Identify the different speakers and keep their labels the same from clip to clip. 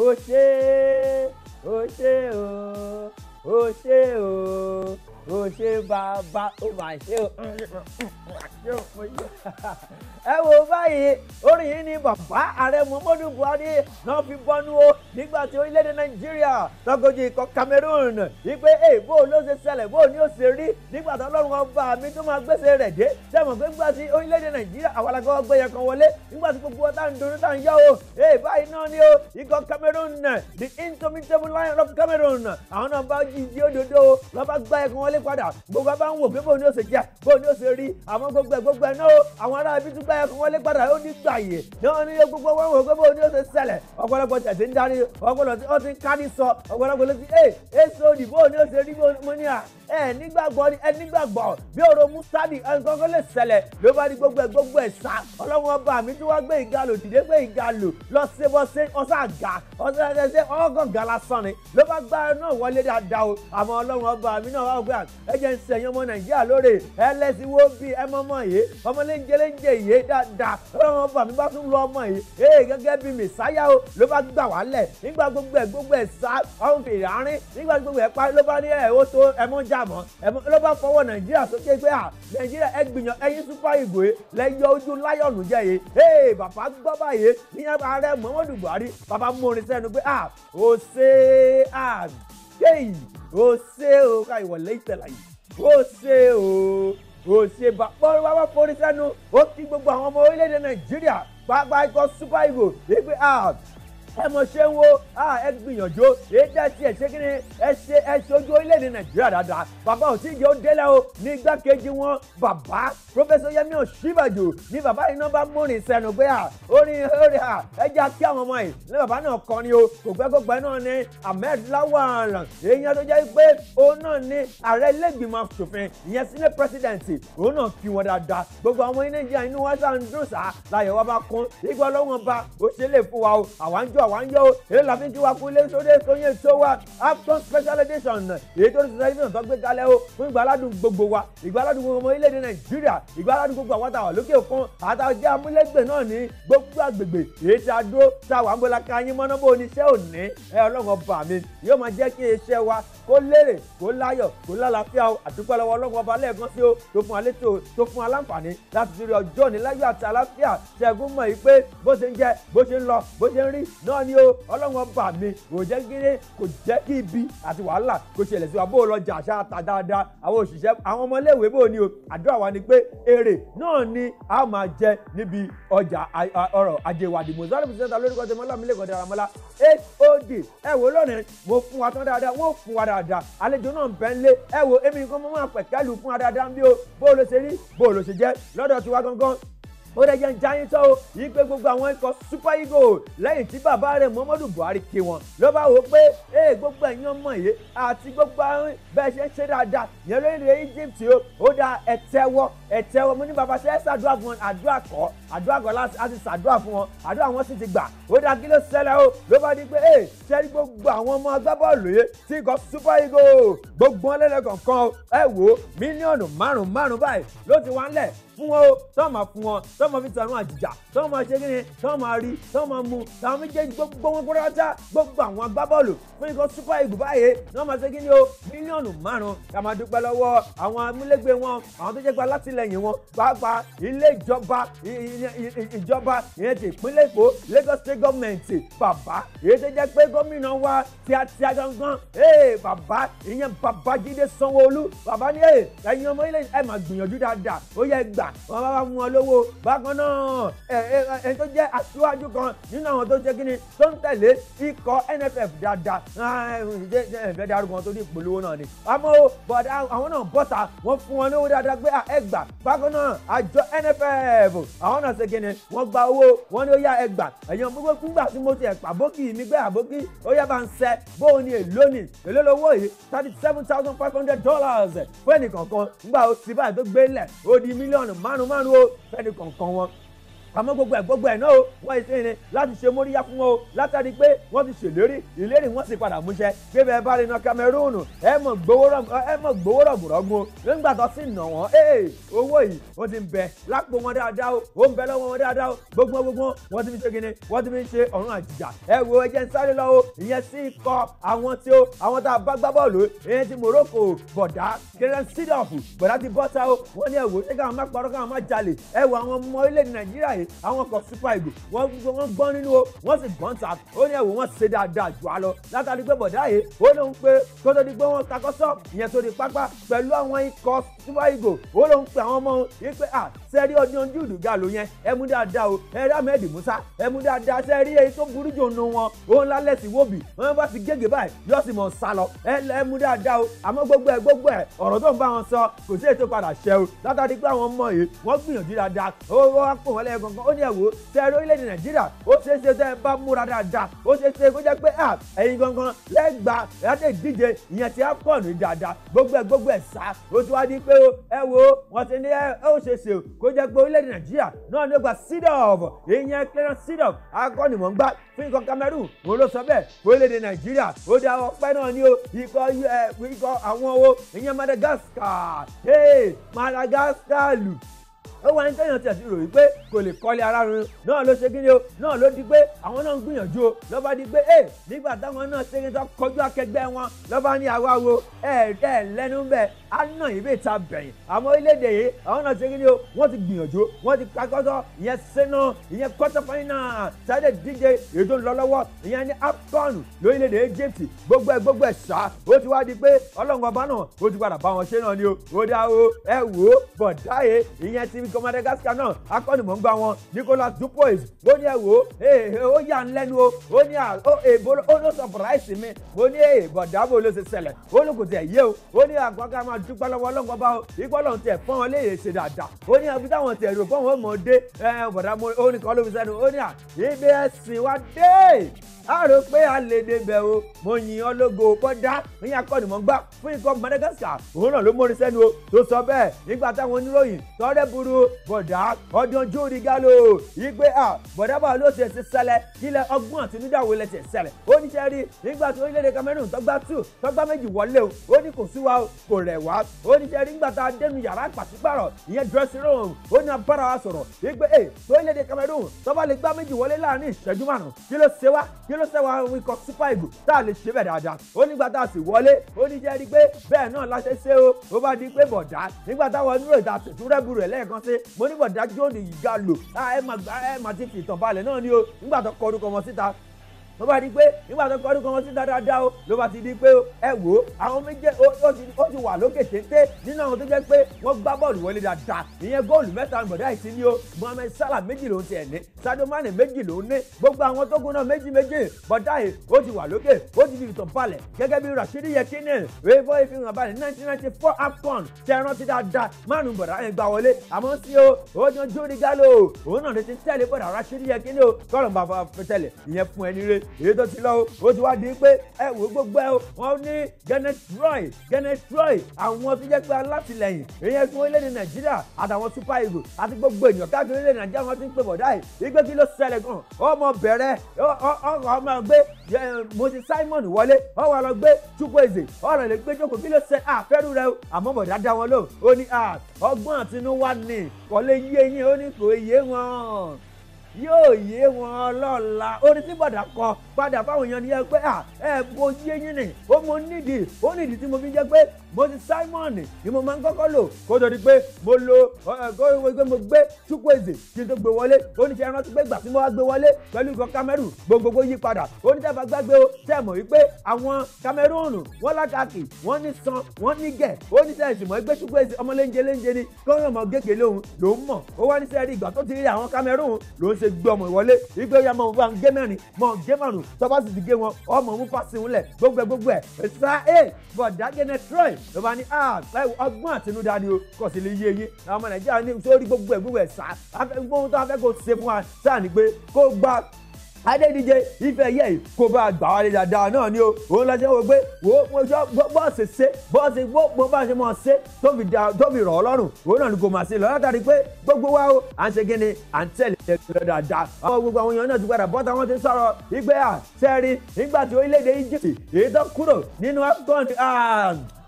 Speaker 1: ó ṣé ó ṣé o ó ṣé o ó ṣé bàbá ẹ wo báyìí orin yìí ni bàbá ààrẹ muhammadu buhari náà fi bọ́nú o nígbà tí orílẹ̀-èdè nàìjíríà tọkọjú ikọ̀ cameroon wípé èèbó ló ṣe ṣẹlẹ̀ bó ni ó ṣe rí nígbà tí ọlọ́run ọba mi tó máa gbèsè rẹ̀ dé sẹ́wọ̀n pé nígbà tí orílẹ̀-èdè nàìjíríà àwàlàgọ́ ọgbẹ́ yẹn kan wọlé nígbà tí gbogbo ọ̀tá ń dunu tá ń yá o ee báyìí náà ni o ikọ̀ cameroon the indomitable lion of cameroon àwọn náà bá jí ìdí òdòdó lọ́ba gbá yẹn kan wọlé padà gbogbo abá ń wò pé bó ni ó ṣe jẹ́ bó gbogbo ẹ gbogbo ẹ náà àwọn ará ibi tún gbáyà kó wọlé padà ó ní gbàyè náà ní gbogbo wọn wò pé bóun ni ó ṣe ṣẹlẹ̀ ọ̀pọ̀lọpọ̀ tẹ̀sí ń darí ọ̀pọ̀lọpọ̀ ó ti ń kárí sọ ọ̀pọ̀lọpọ̀ ló ti ẹ èso òdì bóun ni ó ṣe rí bóun ni à ẹ nígbàgbọ́ ni ẹ nígbàgbọ́ bí ọ̀rọ̀ mustadi ẹnìkan kan lè ṣẹlẹ̀ ló bá ní gbogbo ẹ̀ gbogbo ẹ̀ sá ọlọ́run ọba mi tí wọ́n gbé ìgalò dìde gbé ìgalò lọ sí bọ́ sí ọ̀sán àga ọ̀sán ẹ̀ṣẹ̀ ọ̀gàn ga lásán ni ló bá gbá ẹ náà wọlé dáadáa o àmọ́ ọlọ́run ọba mi náà wà gbà ẹ jẹ́ ń ṣe ẹ̀yàn ọmọ nàìjíríà lóore ẹlẹ́sìn wo bí ẹ mọ́mọ́ yìí ọmọléńjẹléńjẹ yìí dáadáa ọlọ́run ọba mi bá tún lọ ọmọ yìí ee gẹ́gẹ́ bí mẹ̀sáyà o ló bá gbà wá lẹ̀ nígbà gbogbo ẹ̀ gbogbo ẹ̀ sá ọ̀hún fèrè àárín nígbà gbogbo ẹ̀ parí ló bá ní ẹ̀ ó tó ẹ̀ mọ́ já mọ́ ẹ̀mọ́ ló bá fọwọ́ nàìjíríà sókè pé à nàìjíríà ẹ gbìyàn ẹyin super eagles lẹ́yọ ojú lion jẹ́ yìí ee bàbá gbọ́ báyìí níyẹn ààrẹ muhammadu buhari bàbá mú orin sẹ́nu pé à ó ṣe à kéyì ó ṣe ó ká ìwọlé ìtẹ̀lá yìí ó ṣe ó ó ṣe bàbá forí sẹ́nu ó kí gbogbo àwọn ọmọ orílẹ̀-èdè nàìjíríà pàápàá ikọ̀ super eagles wípé à ẹ mọ̀ ṣe ń wo ẹ gbìyànjú èyí dá sí ẹ ṣé kí ni ẹ ṣe ẹ ṣojú orílẹ̀-èdè nàìjíríà dáadáa bàbá ò tí ì jẹ́ ó délẹ̀ o ní igbákejì wọn bàbá pọfẹsọ yẹmi ọ̀ṣíbàjò ní bàbá iná bá múrin sẹ́nu pé à orin orin à ẹja kí àwọn ọmọ yìí ní bàbá náà kọrin o kò pẹ́ kó pẹ́ náà ni ahmed lawan èèyàn tó jẹ́ pé òun náà ni ààrẹ ilé-ìgbìmọ̀ asòfin ìyẹn sílé pírẹsidẹ̀ǹtì òun náà kí wọn dáadáa gbogbo àwọn ilé ìjìyà inú wa sáà ń dùn sáà láyọ̀ wa bá kún ìgbọ́ lọ́wọ́n ba òṣèlè fún wa o àwa ń jọ bá wá ń yọ o èyí la fi kí wa kú ilé sóde sóyè tó wa Afcon special edition èyí tó ti tẹlifíṣàn tó gbé kalẹ̀ o fún ìgbàládùn gbogbo wa ìgbàládùn gbogbo ọmọ ilẹ̀-èdè Nàìjíríà ìgbàládùn gbogbo àwọn àtàwọn lókè òkun àtàjẹ́ amúlẹ́gbẹ̀ náà ní gbogbo àgbègbè èyí tí a dúró tá a wà ń bọ́lá ká yín oníṣẹ́ òní ẹ ọlọ́run ọba mi yóò máa jẹ́ kí iṣẹ́ wa kó lérè kó láyọ̀ kó lálàáfíà o àdúgbò lọ́wọ́ ọlọ́run ọba lẹ́ẹ̀kan sí o tó fún alétò tó fún aláǹfààní láti fi ọjọ́ ní àti àlàáfíà ṣẹ́gun mọ̀ yìí pé bó ṣe ń jẹ bó ṣe ń lọ bó ṣe ń rí náà ni o ọlọ́run ọba mi kò jẹ́ kí kò jẹ́ kí ibi àti wàhálà kò ṣẹlẹ̀ sí wa bó lọ jà àṣà àtà dáadáa àwọn òṣìṣẹ́ àwọn ọmọléèwé bò dáadáa àlejò náà ń bẹ́ ń lé ẹ wo èmi nìkan mo máa pẹ̀kẹ́ lù fún adáadáa ń bí o bó o ló ṣe rí bó o ló ṣe jẹ́ lọ́dọ̀ tiwa gangan ó dẹ̀ jẹ́ ń jáyín tán o yìí pé gbogbo àwọn ikọ̀ super eagles lẹ́yìn tí bàbá rẹ̀ muhammadu buhari ké wọn ló bá wò ó pé ee gbogbo ẹ̀yin ọmọ yìí àti gbogbo àwọn bẹ́ẹ̀ ṣe ń ṣe dáadáa yẹn lórí ilẹ̀ egypt o ó da ẹ̀tẹ́wọ́ ẹ̀tẹ́wọ́ mo ní bàbá ṣe é ṣàdúrà fún wọn àdúrà kọ́ àdúrà kọ́ láti ṣàdúrà fún wọn àdúrà wọn sì ti gbà ó da kí ló ṣẹlẹ̀ o ló bá di pé ee ṣe rí gbogbo àwọn ọmọ agbábọ́ọ̀lù yìí tí ikọ̀ super eagles gbogbo wọn lẹ́lẹ́kọ̀ọ̀kan ẹ wò mílíọ̀nù márùn-ún márùn-ún báyìí ló ti wá ń lẹ̀ fún wọn o tọ́ máa fún wọn tọ́ máa fi tànú àjìjà tọ́ máa ṣe kíni tọ́ máa rí tọ́ máa mu tàwọn méjèèjì gbogbo wọn pátá gbogbo àwọn agbábọ́ọ̀lù fún ikọ̀ super eagles báyìí tọ́ máa ṣe kíni o mílíọ̀nù márùn-ún ká máa dúpẹ́ lọ́wọ́ àwọn amúlégbé wọn àwọn tó jẹ́ pa látìlẹ́yìn wọn pàápàá ilé ìjọba ìjọba ìyẹn ti ìpínlẹ̀ èkó lagos state government bàbá èyí tó jẹ́ pé gómìnà wa tíátíá gangan ee eh, bàbá ìyẹn babájídé sanwóolu bàbá ní eh, ẹ̀yìn ọmọ ilé ẹ̀ máa gbìyànjú dáadáa ó yẹ gbà wọn bá wá mú ọ lówó bákan náà ẹni tó jẹ́ aṣíwájú kan nínú àwọn tó ṣe kíni tó ń tẹ̀lé ikọ̀ NFF dáadáa ah, ẹ̀fẹ̀ darúgbó wọn tó ní ìpolówó náà ni àmọ́ àwọn náà bọ́ta wọ́n fún wọn lówó dáadáa gbé ẹgbà bákan náà àjọ NFF àwọn náà ṣe kíni wọ́n gba owó wọn ní ó yá ẹgbà ẹ̀yàn gbogbo fúngbà tí mo ti ẹ̀pà bókì mi gbé àbókì ó yá bá ń sẹ́ bóun ni èló ni èló lówó yìí thirty seven thousand five hundred dollars fún ẹnì kọ̀ọ̀kan nígbà tí báyìí tó gbé lẹ̀ ó di mílíọ̀nù márùn márùn márùn ó fẹ́ni kọ̀ọ̀kan wọn àmọ́ gbogbo ẹ̀ gbogbo ẹ̀ náà o wọ́n ti sẹ́yìn ni láti ṣe móríyá fún wọn o látàrí pé wọ́n ti ṣèlérí ìlérí wọ́n sì padà múṣẹ pé bẹ́ẹ̀ bá rí iná Cameroon ẹ mọ̀ gbowó rọ̀gùrọ̀gùn o nígbà tó sì nà wọ́n ee owó yìí ó ti ń bẹ lápò wọn dáadáa o ó ń bẹ lọ́wọ́ wọn dáadáa o gbogbo gbogbo wọ́n ti fi ṣe kíni wọ́n ti fi ṣe ọ̀run àjìjà ẹ wo ẹ jẹ́ ń sáré lọ o ìyẹn sí ikọ̀ àwọn tí ó àwọn tá a bá gbá bọ́ọ̀lù ìyẹn ti Morocco bọ̀dá kẹrẹ́n sídọ̀fù bọ̀dá ti bọ́ta o wọ́n ní ẹ wò ṣé káwọn má parọ́ káwọn má jalè ẹ wo àwọn ọmọ orílẹ̀-èdè Nàìjíríà y báyìí àwọn kan super eagle wọ́n wọ́n gbọ́n nínú o wọ́n sì gbọ́n ta ó ní ẹ̀wò wọ́n ṣe dáadáa jù á lọ látàrí pé bọ̀dá yìí ó lóun pé kó tó di pé wọ́n takọ́sọ́ ìyẹn tó di pápá pẹ̀lú àwọn ikọ̀ super eagle ó lóun pé àwọn ọmọ òun yìí pé à sẹ́rí ọdún ojú ìdùgà ló yẹn ẹ mú dáadáa o ẹ rí Ahmed Musa ẹ mú dáadáa sẹ́rí èyí tó burú jù nù wọn òun lálẹ́ sí wóbì wọn bá ti gégé báyìí yóò sì mọ̀ sá lọ ẹ mú dáadáa o àmọ́ gbogbo ẹ gbogbo ẹ ọ̀rọ̀ tó ń bá wọn sọ kò sí èyí padà ṣẹ o látàrí pé àwọn ọmọ yìí wọ́n gbìyànjú dáadáa ó wọ́n pò wọ́n lẹ́ẹ̀kan gangan ó ní ẹ̀wò tẹ́rẹ orílẹ̀-èdè nàìjíríà ó ṣeé ṣe tẹ́ ẹ bá múra dáadáa ó ṣeé ṣe kó jẹ́ pé à ẹ̀yin gangan lẹ́gbàá láti ìdíje ìyẹn ti á pọ̀ ní dáadáa gbogbo ẹ̀ gbogbo ẹ̀ sá ó ti wá di pé ẹ wo wọ́n ti ní ẹ ó ṣe ṣe kó jẹ́ pé orílẹ̀-èdè nàìjíríà náà ló gba sidov ìyẹn clearance sidov akọ́nìmọ̀ngbá fún ikọ̀ cameroon òun ló sọ bẹ́ẹ̀ orílẹ̀-èdè nàìjíríà ó dá ọpẹ́ náà ní o ikọ̀ ikọ̀ àwọn o ìyẹn madagascar hey madagascar lù ó wá ní tẹ́yàn tẹ̀sí rò wípé kò lè kọ́lé ara run náà ló ṣe kí ni o náà ló di pé àwọn náà ń gbìyànjú o lọ́ba di pé ẹ nígbà táwọn náà ṣe kí ni tó kọjú akẹgbẹ́ wọn lọ́ba ní àwa wo ẹ ẹ lẹ́nu bẹ́ẹ̀ á nà ìbéè ta bẹ̀yìn àmọ́ orílẹ̀-èdè yìí àwọn náà ṣe kí ni o wọ́n ti gbìyànjú wọ́n ti ka kọ́tọ́ ìyẹn sẹ́nà ìyẹn kọ́tọ́ fáínà sáré díje ètò ńlọ́lọ́wọ́ ìyẹn ní AFCON lórílẹ̀-èdè Egypt gbogbo ẹ̀ gbogbo ẹ̀ sá ó ti wá di pé ọlọ́run ọba náà ó ti padà bá wọn ṣe náà ni o ó dá o ẹ wò ó bọ̀ dáyé ìyẹn ti ikọ̀ Madagascar náà akọ́nìmọ̀ngbà wọn Nicolas Dupois ó ní ẹ wò ó ee eh, eh, ó yà ń lẹ́nu o ó ní à ó èbó eh, ó ló sọ bùráìsì mi ó ní èè bọ̀dábò ló ṣe ṣẹlẹ̀ ó ló kò tẹ̀ yé o ó ní àgbọ̀ngàn máa dúpẹ́ lọ́wọ́ ọlọ́gbọ́n bá ìgbọ́ lọ́n tẹ̀ fọ́n wọn léèrè ṣe dáadáa ó ní àfi táwọn tẹ̀ rò fọ́n wọn mọ̀ dé bọ̀dá mo ó ní kọ́ lómi sẹ́nu ó ní à ibi ẹ̀sìn wa dé a rò pé a débẹ̀ o mo yìn ọ́ lógo bọ́dá ní akọni mọ́ gbá fún ikọ̀ Madagascar òun náà ló mórí sẹ́nu o tó sọ bẹ́ẹ̀ nígbà táwọn oníròyìn tọ́rẹ́ burú bọ̀dá ọdún ojú orí galo yígbé à bọ̀dá bá ló ṣe ṣe ṣẹlẹ̀ kílẹ̀ ọgbọ́n àtinúdàwọ̀ lẹ̀ ṣe ṣẹlẹ̀ ó ní sẹ́rí nígbà tí orílẹ̀-èdè Cameroon tọ́gbà two tọ́gbà méjì wọlé o ó ní kò sí o kò rẹ̀ wá wá ó ní jẹ́rìí ńgbà tá a dénú yàrá pàṣípàrọ̀ ìyẹn dressing room ó ní abára wa sọ̀rọ̀ wípé ẹ orílẹ̀-èdè Cameroon tọ́ba lè gbá méjì wọlé láàrin ìṣẹ́jú márùn-ún kí ló ṣe wá kí ló ṣe wá àwọn ikọ̀ super eagle tá a lè ṣe bẹ̀ dáadáa ó nígbà tá a sì wọlé ó ní jẹ́rìí pé bẹ́ẹ̀ náà láṣẹ ṣe o ó bá di pé bọ̀dá nígbà táwọn onírò ìta tuntun rẹ́bù rẹ̀ lẹ́ẹ̀kan sí mo ní bọ̀dá jóòdì yìí ga lò ẹ mà ti fìtàn balẹ̀ náà ni o nígbà kọ tó bá di pé nígbà tó kọ́dún kan wọ́n sí dáadáa o ló bá ti di pé ẹ wò ó àwọn méje ó ti wà lókè téńté nínú àwọn tó jẹ́ pé wọ́n gbá bọ́ọ̀lù wọlé dáadáa ìyẹn góòlù mẹ́ta gbọ̀dá ìsí ni o Mohammed Salah méjì ló ń tiẹ̀ ní Sadio Mane méjì ló ń ní gbogbo àwọn tó kún náà méjì méjì bọ́dá yìí ó ti wà lókè ó ti fi ìtàn balẹ̀ gẹ́gẹ́ bí Rashidi Yekini wíwọ́ ìfihàn balẹ̀ nineteen ninety four AFCON tẹ rántí dáadáa márùn bọ̀dá yẹn gbà wọlé àmọ́ sí o ó yan Jordi Gallo òun náà ti tẹ̀lé bọ̀dá Rashidi Yekini o èyí tó ti lọ o ó ti wá di pé ẹ wò gbogbo ẹ o wọn ní Kenneth Roy Kenneth Roy àwọn tó jẹ́ pé alátìlẹyìn ìyẹn fún orílẹ̀-èdè Nàìjíríà àtàwọn Super Eagles àti gbogbo ènìyàn káàkiri orílẹ̀-èdè Nàìjíríà wọn ti ń pè bọ̀dá yìí wípé kí ló ṣẹlẹ̀ gan ọmọ bẹ̀rẹ̀ ọmọ gbé Moses Simon wọlé ọwọ́ lọ gbé Chukwueze ọ̀rọ̀ lè gbé jókòó kí ló ṣe àfẹ́rù rẹ o àmọ́ bọ̀dá dá wọn lóhùn ó ní ọgbọ́n àtinúwá ni kọ́lé yé yín ó ní kò yé wọn yóò yé wọn lọ́la orin tí bọ̀dà kọ padà fáwọn èèyàn nìyẹn pé à ẹ bojú eyín ni ó mo nídìí ó nídìí tí mo fi jẹ́ pé mo ti Simon ni mo máa ń kọ́kọ́ lò kó tó di pé mo lo pé mo gbé Chukwueze kí n tó gbé wọlé ó ní ṣe rántí pé ìgbà tí mo wá gbé wọlé pẹ̀lú ikọ̀ Cameroon gbogbogbò yí padà ó ní tẹ́fà gbàgbé o tẹ́ mọ̀ wípé àwọn Cameroon wọ́n lákàkì wọ́n ní san wọ́n ní gẹ̀ ó ní tẹ́ ìsìnmọ̀ ẹgbẹ́ Chukwueze ọmọ ni kọ́ńyọ̀mọ̀ gègé lóhun lòún mọ̀ ó wá ní sẹ́ẹ̀rí ìgbà tó ti rí àwọn Cameroon ṣe gbé ọmọ ìwọlé ìgbé ya mọ̀ bá ń gé mẹ́rin mọ̀ gé márùn tọ́ba sì ti gé wọn ọmọ mú pàṣẹ ńlẹ̀ gbogbo ẹ̀ gbogbo ẹ̀ ìsira ẹ̀ bọ̀dá gẹ́nẹ́ troy ló bá ní ọgbọ́n àtinúdá ni o kò sì lè yé eyín ọmọ nàìjíríà ní sórí gbogbo ẹ̀ gbogbo ẹ̀ sá gbogbo tó wá fẹ́ kó ṣe fún wa sáà ní pé kó gba adédíje ife ẹ̀yẹ yìí kò bá gbà wálé dáadáa náà ni o òun lọ ṣe wo pé wo bọ́ọ̀sì ṣe bọ́ọ̀sì gbogbo bá ṣe mọ̀ ṣe tó fi rọ̀ ọ́ lọ́rùn òun náà ni kò máa ṣe lọ látàrí pé gbogbo wa o à ń ṣe kí ni à ń tẹ̀lé ẹ̀ṣẹ̀ dáadáa. àwọn gbogbo àwọn èèyàn náà ti padà bọ́ta wọn ti sọ̀rọ̀ ìgbéyà sẹ́ẹ̀rì nígbà tí orílẹ̀-èdè Egypt èyí tó kúrò nínú AFCON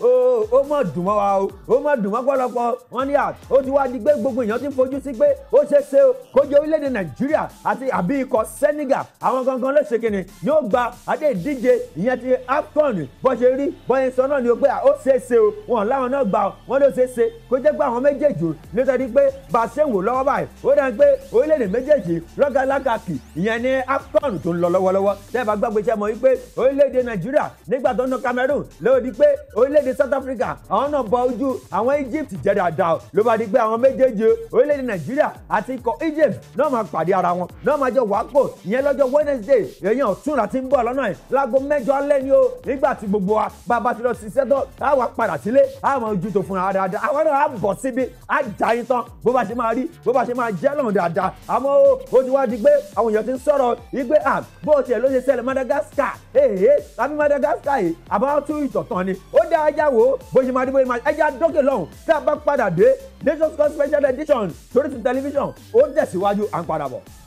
Speaker 1: ó mọ̀ dùn mọ́ wa o ó mọ̀ dùn mọ́ pọ̀lọpọ̀ wọn ní à ó ti wá di pé gbogbo èèyàn ti ń fojú sí pé ó ṣe ṣe o kó jẹ́ orílẹ̀-èdè nàìjíríà àti àbí ikọ̀ senegal àwọn gangan ló ṣe kìnnì ni ó gba adé ìdíje ìyẹn ti afcon bó ṣe rí bóyá sọ náà ni ó pé ó ṣe ṣe o wọn láwọn náà gbà wọn ló ṣe ṣe kó jẹ́ pé àwọn méjèèjì nítorí pé bá a ṣe ń wò lọ́wọ́ báyìí ó dàn pé orílẹ̀-èdè méjèèjì lọ́gàlágàkì ìyẹn ni afcon tó ń lọ lọ́wọ́lọ́wọ́ tẹ́ẹ̀ bá gbàgbé ṣe mọ̀ wípé orílẹ̀-èdè nàìjíríà nígbà tó ń ná cameroon lóòdì pé orílẹ̀ orílẹ̀-èdè South Africa àwọn náà bọ ojú àwọn Egypt jẹ́ dáadáa ló bá di pé àwọn méjèèjì orílẹ̀-èdè Nàìjíríà àti ikọ̀ Egypt náà máa pàdé ara wọn náà máa jọ wápò ìyẹn lọ́jọ́ Wednesday èèyàn ọ̀túnra ti ń bọ̀ lọ́nà yìí láago mẹ́jọ alẹ́ ni o nígbà tí gbogbo wa bàbá ti lọ ṣiṣẹ́ tán àwa padà sílé àwọn ojú tó fúnra dáadáa àwọn náà á bọ̀ síbi á já yín tán bó bá ṣe máa rí bó bá ṣe máa jẹ́ lọ́rùn dáadáa àmọ́ ó ti wá di pé àwọn èèyàn ti ń sọ̀rọ̀ igbe à bó tiẹ̀ ló Madagascar èèyàn àbí Madagascar yìí àbá tún ìtọ̀tàn ẹja wo bó ṣe máa dé bó ẹja dókè lọ́hùn tí a bá padà dé Nations Cup special edition torí television. tẹlifíṣàn ó ń tẹ̀síwájú à ń padà bọ̀.